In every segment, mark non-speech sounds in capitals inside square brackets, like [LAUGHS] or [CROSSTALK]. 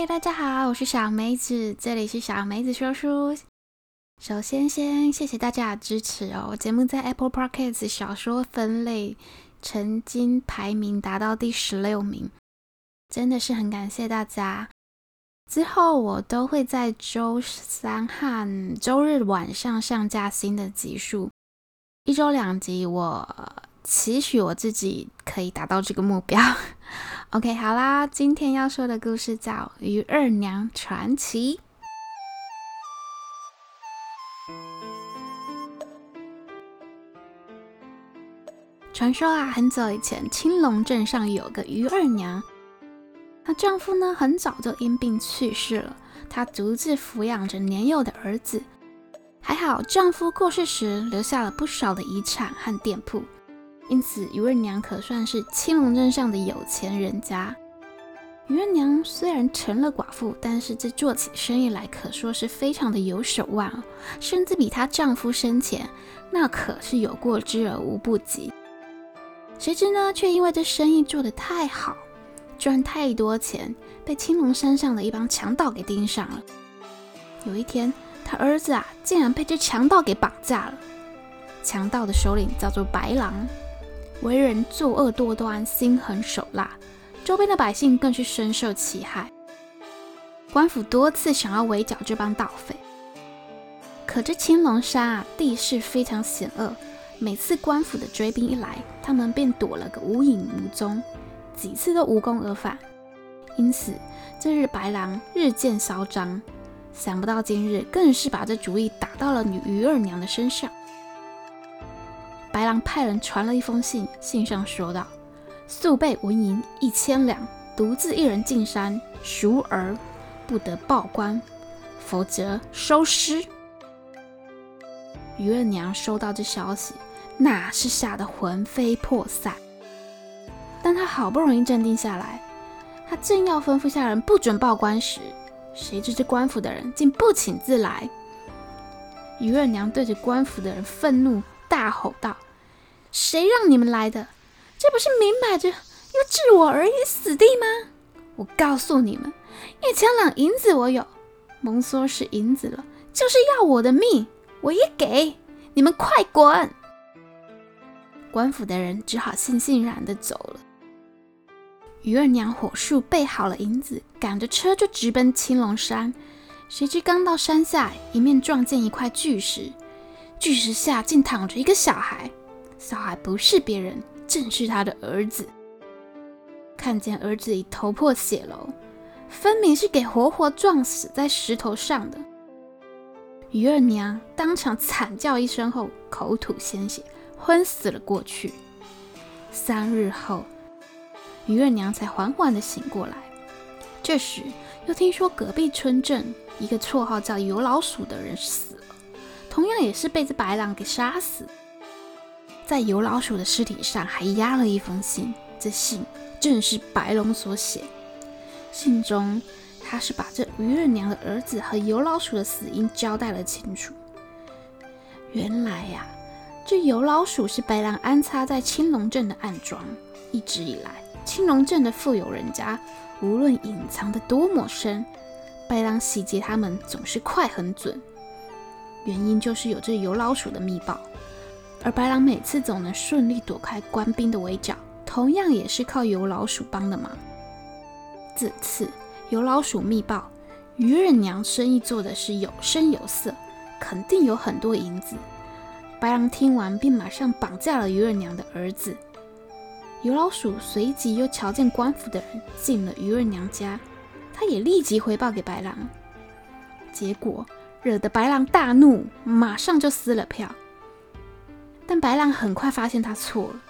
嗨，hey, 大家好，我是小梅子，這裡是小梅子說書。首先，先謝謝大家的支持哦。節目在 Apple Podcast 小說分類曾經排名達到第十六名，真的是很感謝大家。之後我都會在周三和周日晚上上架新的集數，一周兩集，我期許我自己可以達到這個目標。OK，好啦，今天要說的故事叫《余二娘傳奇》。傳說啊，很早以前，青龍鎮上有個余二娘，她丈夫呢，很早就因病去世了，她獨自撫養着年幼的兒子。還好，丈夫過世時留下了不少的遺產和店鋪。因此，余二娘可算是青龍鎮上的有錢人家。余二娘雖然成了寡婦，但是這做起生意來可說是非常的有手腕，甚至比她丈夫生前那可是有過之而無不及。誰知呢，卻因為這生意做得太好，賺太多錢，被青龍山上的一幫強盜給盯上了。有一天，她兒子啊，竟然被這強盜給綁架了。強盜的首領叫做白狼。為人作惡多端，心狠手辣，周邊的百姓更是深受其害。官府多次想要圍剿這幫盜匪，可這青龍山啊，地勢非常險惡，每次官府的追兵一來，他們便躲了個無影無蹤，幾次都無功而返。因此，這日白狼日漸囂張，想不到今日更是把這主意打到了女余二娘的身上。白狼派人傳了一封信，信上說道：“速備紋銀一千兩，獨自一人進山贖兒，熟而不得報官，否則收屍。”余二娘收到這消息，那是嚇得魂飛魄散。但她好不容易鎮定下來，她正要吩咐下人不准報官時，誰知這官府的人竟不請自來。余二娘對着官府的人憤怒。大吼道：“誰讓你們來的？這不是明擺着要置我兒於死地嗎？我告訴你們，一千兩銀子我有，甭說是銀子了，就是要我的命，我也給你們快滾！”官府的人只好悻悻然的走了。余二娘火速備好了銀子，趕着車就直奔青龍山。誰知剛到山下，迎面撞見一塊巨石。巨石下竟躺着一個小孩，小孩不是別人，正是他的兒子。看見兒子已頭破血流，分明是給活活撞死在石頭上的。余二娘當場慘叫一聲後，口吐鮮血，昏死了過去。三日後，余二娘才緩緩的醒過來。這時，又聽說隔壁村鎮一個綽號叫“油老鼠”的人死。同樣也是被這白狼給殺死，在油老鼠的屍體上還壓了一封信，這信正是白狼所寫。信中，他是把這余二娘的兒子和油老鼠的死因交代了清楚。原來呀、啊，這油老鼠是白狼安插在青龍鎮的暗樁。一直以來，青龍鎮的富有人家無論隱藏的多麼深，白狼洗劫他們總是快狠準。原因就是有這油老鼠的密報，而白狼每次總能順利躲開官兵的圍剿，同樣也是靠油老鼠幫的忙。這次油老鼠密報，余二娘生意做的是有聲有色，肯定有很多銀子。白狼聽完並馬上綁架了余二娘的兒子。油老鼠隨即又瞧見官府的人進了余二娘家，他也立即回報給白狼。結果。惹得白狼大怒，馬上就撕了票。但白狼很快發現他錯了，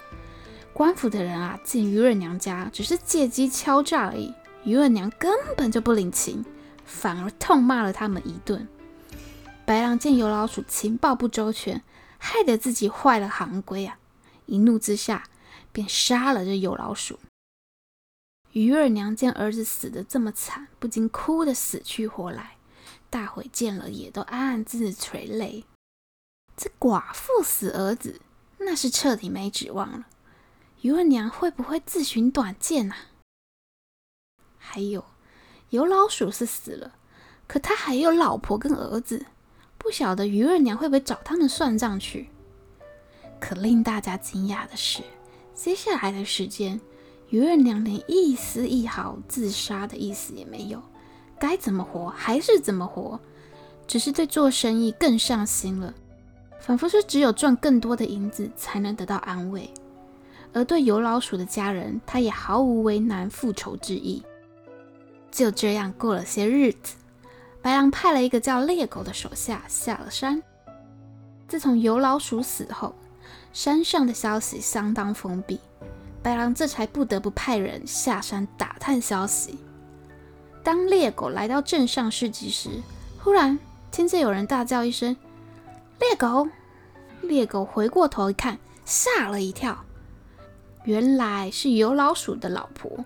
官府的人啊，進余二娘家只是借機敲詐而已，余二娘根本就不領情，反而痛罵了他們一頓。白狼見油老鼠情報不周全，害得自己壞了行規啊！一怒之下，便殺了這油老鼠。余二娘見兒子死得這麼慘，不禁哭得死去活來。大夥見了也都暗暗自垂淚。這寡婦死兒子，那是徹底沒指望了。余二娘會不會自尋短見啊？還有，尤老鼠是死了，可他還有老婆跟兒子，不曉得余二娘會不會找他們算賬去。可令大家驚訝的是，接下來的時間，余二娘連一絲一毫自殺的意思也沒有。該怎麼活還是怎麼活，只是對做生意更上心了，仿佛是只有賺更多的銀子才能得到安慰。而對油老鼠的家人，他也毫無為難復仇之意。就這樣過了些日子，白狼派了一個叫獵狗的手下下了山。自從油老鼠死後，山上的消息相當封閉，白狼這才不得不派人下山打探消息。當獵狗來到鎮上市集時，忽然聽見有人大叫一聲：“獵狗！”獵狗回過頭一看，嚇了一跳。原來是有老鼠的老婆。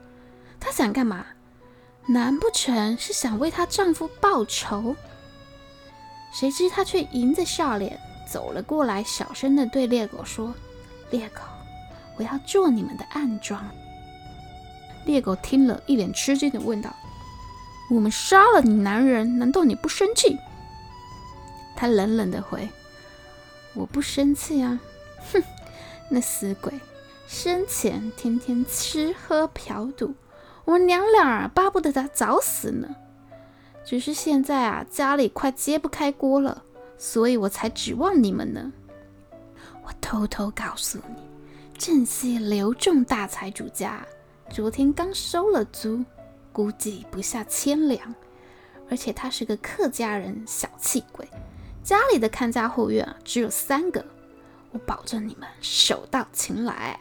她想幹嘛？難不成是想為她丈夫報仇？誰知她卻迎着笑臉走了過來，小聲地對獵狗說：“獵狗，我要做你們的暗樁。”獵狗聽了一臉吃驚地問道。我們殺了你男人，難道你不生氣？他冷冷地回：“我不生氣啊，哼，那死鬼生前天天吃喝嫖賭，我娘倆兒巴不得他早死呢。只是現在啊，家裡快揭不開鍋了，所以我才指望你們呢。我偷偷告訴你，鎮西劉重大財主家昨天剛收了租。”估計不下千兩，而且他是個客家人，小氣鬼，家裡的看家護院、啊、只有三個，我保證你們手到擒來。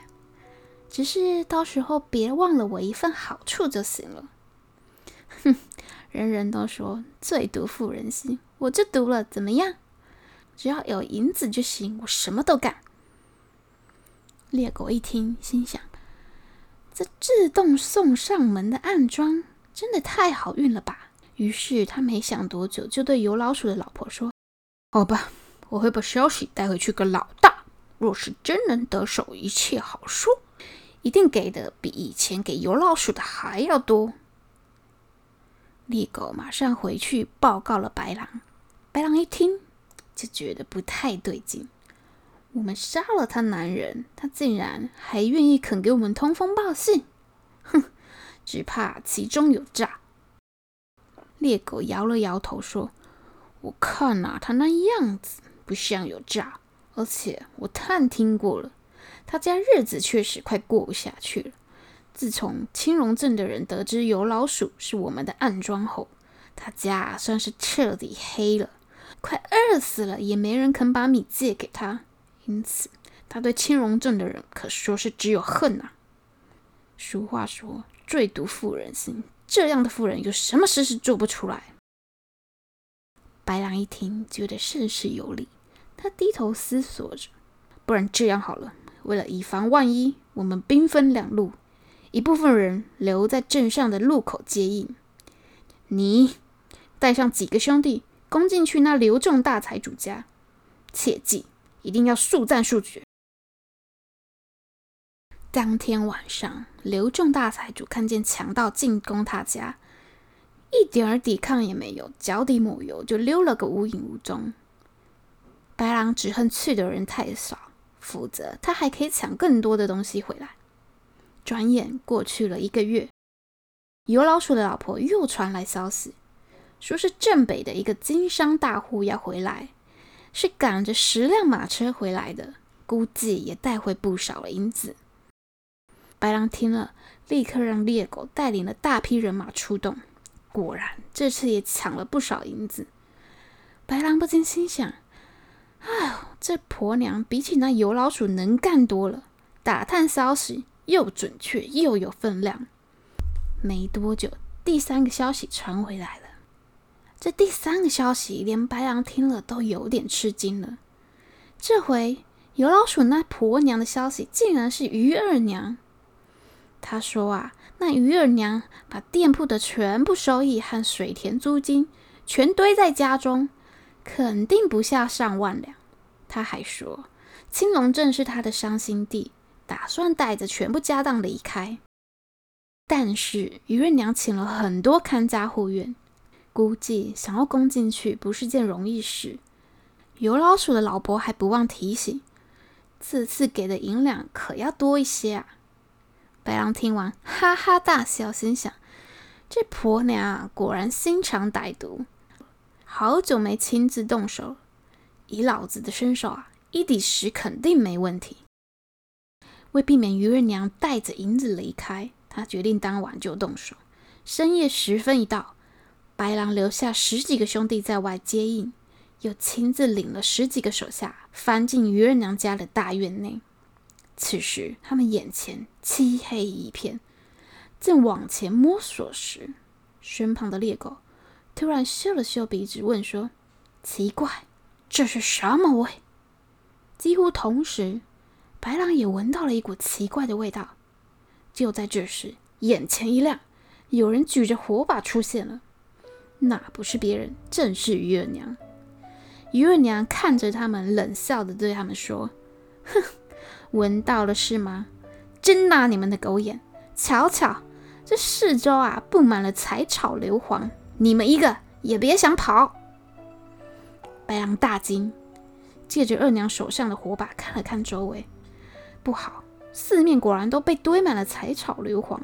只是到時候別忘了我一份好處就行了。哼，人人都說最毒婦人心，我就毒了，怎麼樣？只要有銀子就行，我什麼都幹。獵狗一聽，心想。這自動送上門的暗樁，真的太好運了吧！於是他沒想多久，就對油老鼠的老婆說：“好吧，我會把消息帶回去給老大。若是真能得手，一切好說，一定給的比以前給油老鼠的還要多。”獵狗馬上回去報告了白狼，白狼一聽就覺得不太對勁。我們殺了她男人，她竟然還願意肯給我們通風報信，哼，只怕其中有詐。獵狗搖了搖頭說：“我看啊，他那樣子不像有詐，而且我探聽過了，了他家日子確實快過不下去了。自從青龍鎮的人得知有老鼠是我們的暗樁後，他家算是徹底黑了，快餓死了，也沒人肯把米借給他。因此，他對青龍鎮的人可說是只有恨吶、啊。俗話說：“最毒婦人心。”這樣的婦人有什麼事是做不出來？白狼一聽，覺得甚是有理。他低頭思索着，不然這樣好了。為了以防萬一，我們兵分兩路，一部分人留在鎮上的路口接應。你帶上幾個兄弟攻進去那劉正大財主家，切記。一定要速戰速決。當天晚上，劉仲大財主看見強盜進攻他家，一點兒抵抗也沒有，腳底抹油就溜了個無影無蹤。白狼只恨去的人太少，否則他還可以搶更多的東西回來。轉眼過去了一個月，油老鼠的老婆又傳來消息，說是鎮北的一個經商大戶要回來。是趕着十輛馬車回來的，估計也帶回不少銀子。白狼聽了，立刻讓獵狗帶領了大批人馬出動。果然，這次也搶了不少銀子。白狼不禁心想：“哎呦，這婆娘比起那油老鼠能幹多了，打探消息又準確又有分量。”沒多久，第三個消息傳回來了。這第三個消息，連白羊聽了都有點吃驚了。這回有老鼠那婆娘的消息，竟然是余二娘。她說啊，那余二娘把店鋪的全部收益和水田租金全堆在家中，肯定不下上萬兩。她還說，青龍鎮是她的傷心地，打算帶着全部家當離開。但是余二娘請了很多看家護院。估計想要攻進去不是件容易事。有老鼠的老婆還不忘提醒：“這次給的銀兩可要多一些啊！”白狼聽完哈哈大笑，心想：“這婆娘果然心腸歹毒。”好久沒親自動手，以老子的身手啊，一敵十肯定沒問題。為避免余二娘帶着銀子離開，他決定當晚就動手。深夜時分一到。白狼留下十幾個兄弟在外接應，又親自領了十幾個手下翻進余二娘家的大院內。此時他們眼前漆黑一片，正往前摸索時，身旁的獵狗突然嗅了嗅鼻子，問說：“奇怪，這是什麼味？”幾乎同時，白狼也聞到了一股奇怪的味道。就在這時，眼前一亮，有人舉着火把出現了。那不是別人，正是余二娘。余二娘看着他們，冷笑的對他們說：“哼，聞到了是嗎？真拿你們的狗眼！瞧瞧，這四周啊，布滿了柴草硫磺，你們一個也別想跑！”白狼大驚，借着二娘手上的火把看了看周圍，不好，四面果然都被堆滿了柴草硫磺。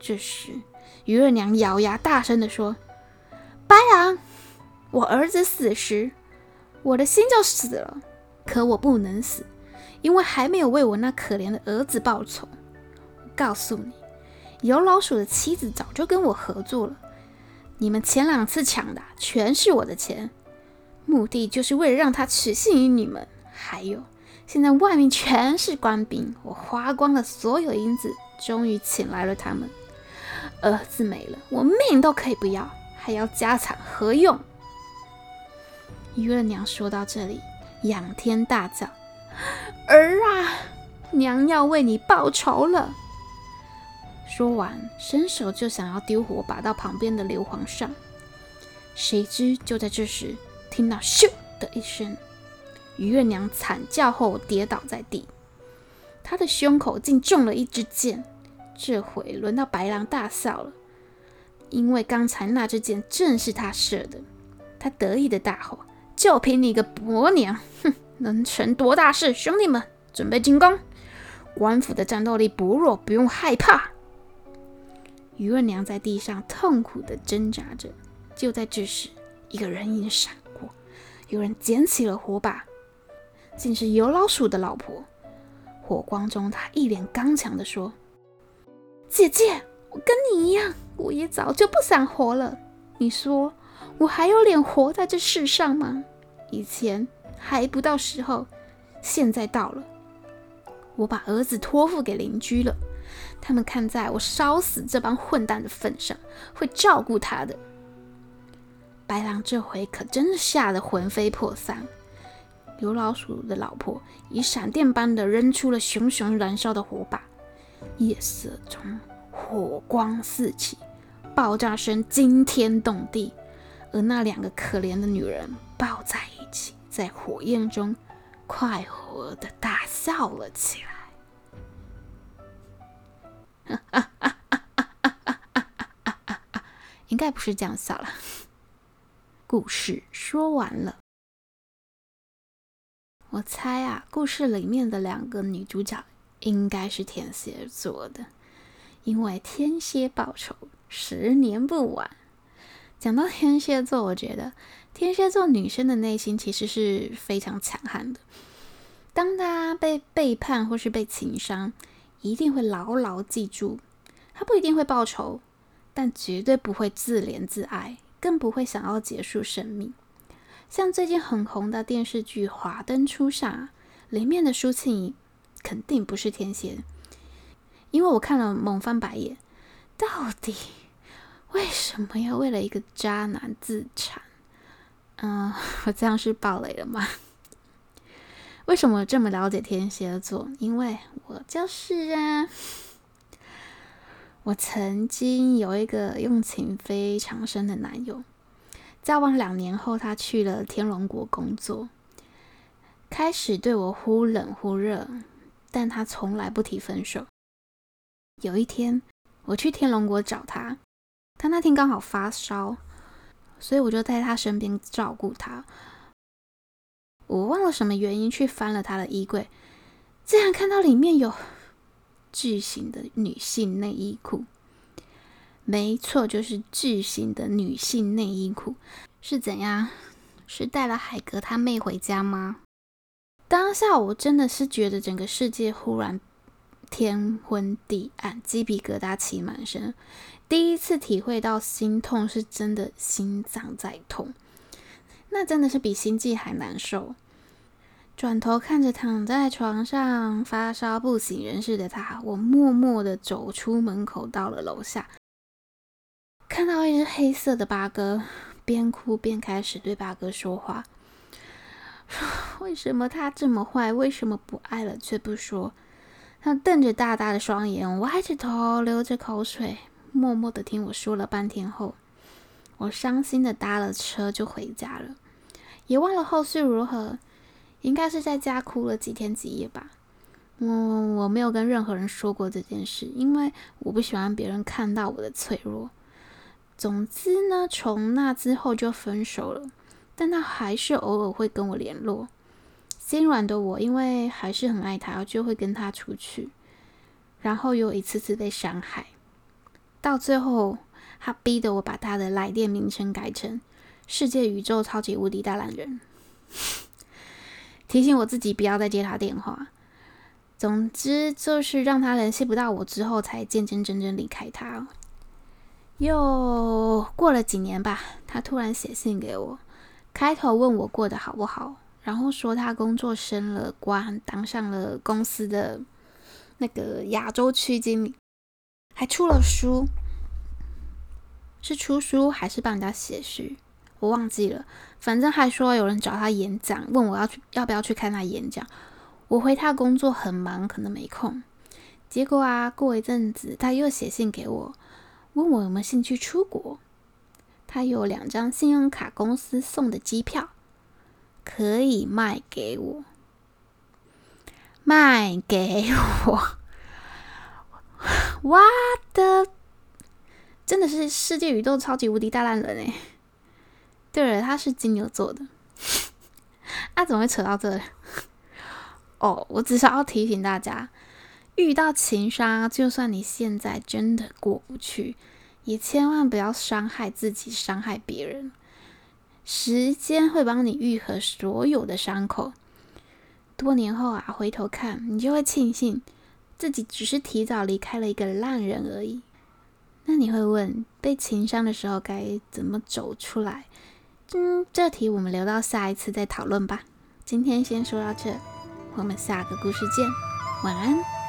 這時，余二娘咬牙大聲的說。白狼啊，我兒子死時，我的心就死了。可我不能死，因為還沒有為我那可憐的兒子報仇。我告訴你，油老鼠的妻子早就跟我合作了。你們前兩次搶的全是我的錢，目的就是為了讓他取信於你們。還有，現在外面全是官兵，我花光了所有銀子，終於請來了他們。兒子沒了，我命都可以不要。要家產何用？余月娘說到這裡，仰天大叫：“兒啊，娘要為你報仇了！”說完，伸手就想要丟火把到旁邊的硫磺上。誰知就在這時，聽到“咻”的一聲，余月娘慘叫後跌倒在地，她的胸口竟中了一支箭。這回輪到白狼大笑了。因為剛才那支箭正是他射的，他得意的大吼：“就憑你個婆娘，哼，能成多大事？”兄弟們，準備進攻！官府的戰鬥力薄弱，不用害怕。余二娘在地上痛苦地掙扎着。就在這時，一個人影閃過，有人撿起了火把，竟是油老鼠的老婆。火光中，她一臉剛強地說：“姐姐，我跟你一樣。”我也早就不想活了，你說我還有臉活在這世上嗎？以前還不到時候，現在到了。我把兒子托付給鄰居了，他們看在我燒死這幫混蛋的份上，會照顧他的。白狼這回可真是嚇得魂飛魄散。劉老鼠的老婆以閃電般的扔出了熊熊燃燒的火把，夜色中火光四起。爆炸聲驚天動地，而那兩個可憐的女人抱在一起，在火焰中快活的大笑了起來。 [LAUGHS] 應該不是這樣笑了。故事說完了，我猜啊，故事裡面的兩個女主角應該是天蠍座的，因為天蠍報仇十年不晚。講到天蠍座，我覺得天蠍座女生的內心其實是非常強悍的。當她被背叛或是被情傷，一定會牢牢記住。她不一定會報仇，但絕對不會自憐自哀，更不會想要結束生命。像最近很紅的電視劇《華燈初上》裡面的蘇慶儀肯定不是天蠍，因為我看了猛翻白眼，到底。為什麼要為了一個渣男自殘？嗯、呃，我這樣是暴雷了嗎？為什麼這麼了解天蠍座？因為我就是啊！我曾經有一個用情非常深的男友，交往兩年後，他去了天龍國工作，開始對我忽冷忽熱，但他從來不提分手。有一天，我去天龍國找他。他那天剛好發燒，所以我就在他身邊照顧他。我忘了什麼原因去翻了他的衣櫃，竟然看到裡面有巨型的女性內衣褲。沒錯，就是巨型的女性內衣褲。是怎樣？是帶了海格他妹回家嗎？當下我真的是覺得整個世界忽然……天昏地暗，雞皮疙瘩起滿身，第一次體會到心痛是真的，心臟在痛，那真的是比心悸還難受。轉頭看着躺在床上發燒不省人事的他，我默默的走出門口，到了樓下，看到一只黑色的八哥，邊哭邊開始對八哥說話：說為什麼他這麼壞？為什麼不愛了卻不說？他瞪着大大的雙眼，歪着頭，流着口水，默默的聽我說了半天後，我傷心的搭了車就回家了，也忘了後續如何，應該是在家哭了幾天幾夜吧。我我沒有跟任何人說過這件事，因為我不喜歡別人看到我的脆弱。總之呢，從那之後就分手了，但他還是偶爾會跟我聯絡。心軟的我，因為還是很愛他，就會跟他出去，然後又一次次被傷害，到最後，他逼得我把他的來電名稱改成“世界宇宙超級無敵大懶人”， [LAUGHS] 提醒我自己不要再接他電話。總之，就是讓他聯繫不到我之後，才漸漸真正離開他。又過了幾年吧，他突然寫信給我，開頭問我過得好不好。然後說他工作升了官，當上了公司的那個亞洲區經理，還出了書，是出書還是幫人家寫序，我忘記了。反正還說有人找他演講，問我要去要不要去看他演講。我回他工作很忙，可能沒空。結果啊，過一陣子他又寫信給我，問我有沒有興趣出國。他有兩張信用卡公司送的機票。可以賣給我，賣給我！我的真的是世界宇宙超級無敵大爛人哎、欸！對了，他是金牛座的， [LAUGHS] 啊，怎麼會扯到這？哦，我只是要提醒大家，遇到情傷，就算你現在真的過不去，也千萬不要傷害自己，傷害別人。時間會幫你癒合所有的傷口，多年後啊，回頭看，你就會慶幸自己只是提早離開了一個爛人而已。那你會問，被情傷的時候該怎麼走出來？嗯，這題我們留到下一次再討論吧。今天先說到這，我們下個故事見，晚安。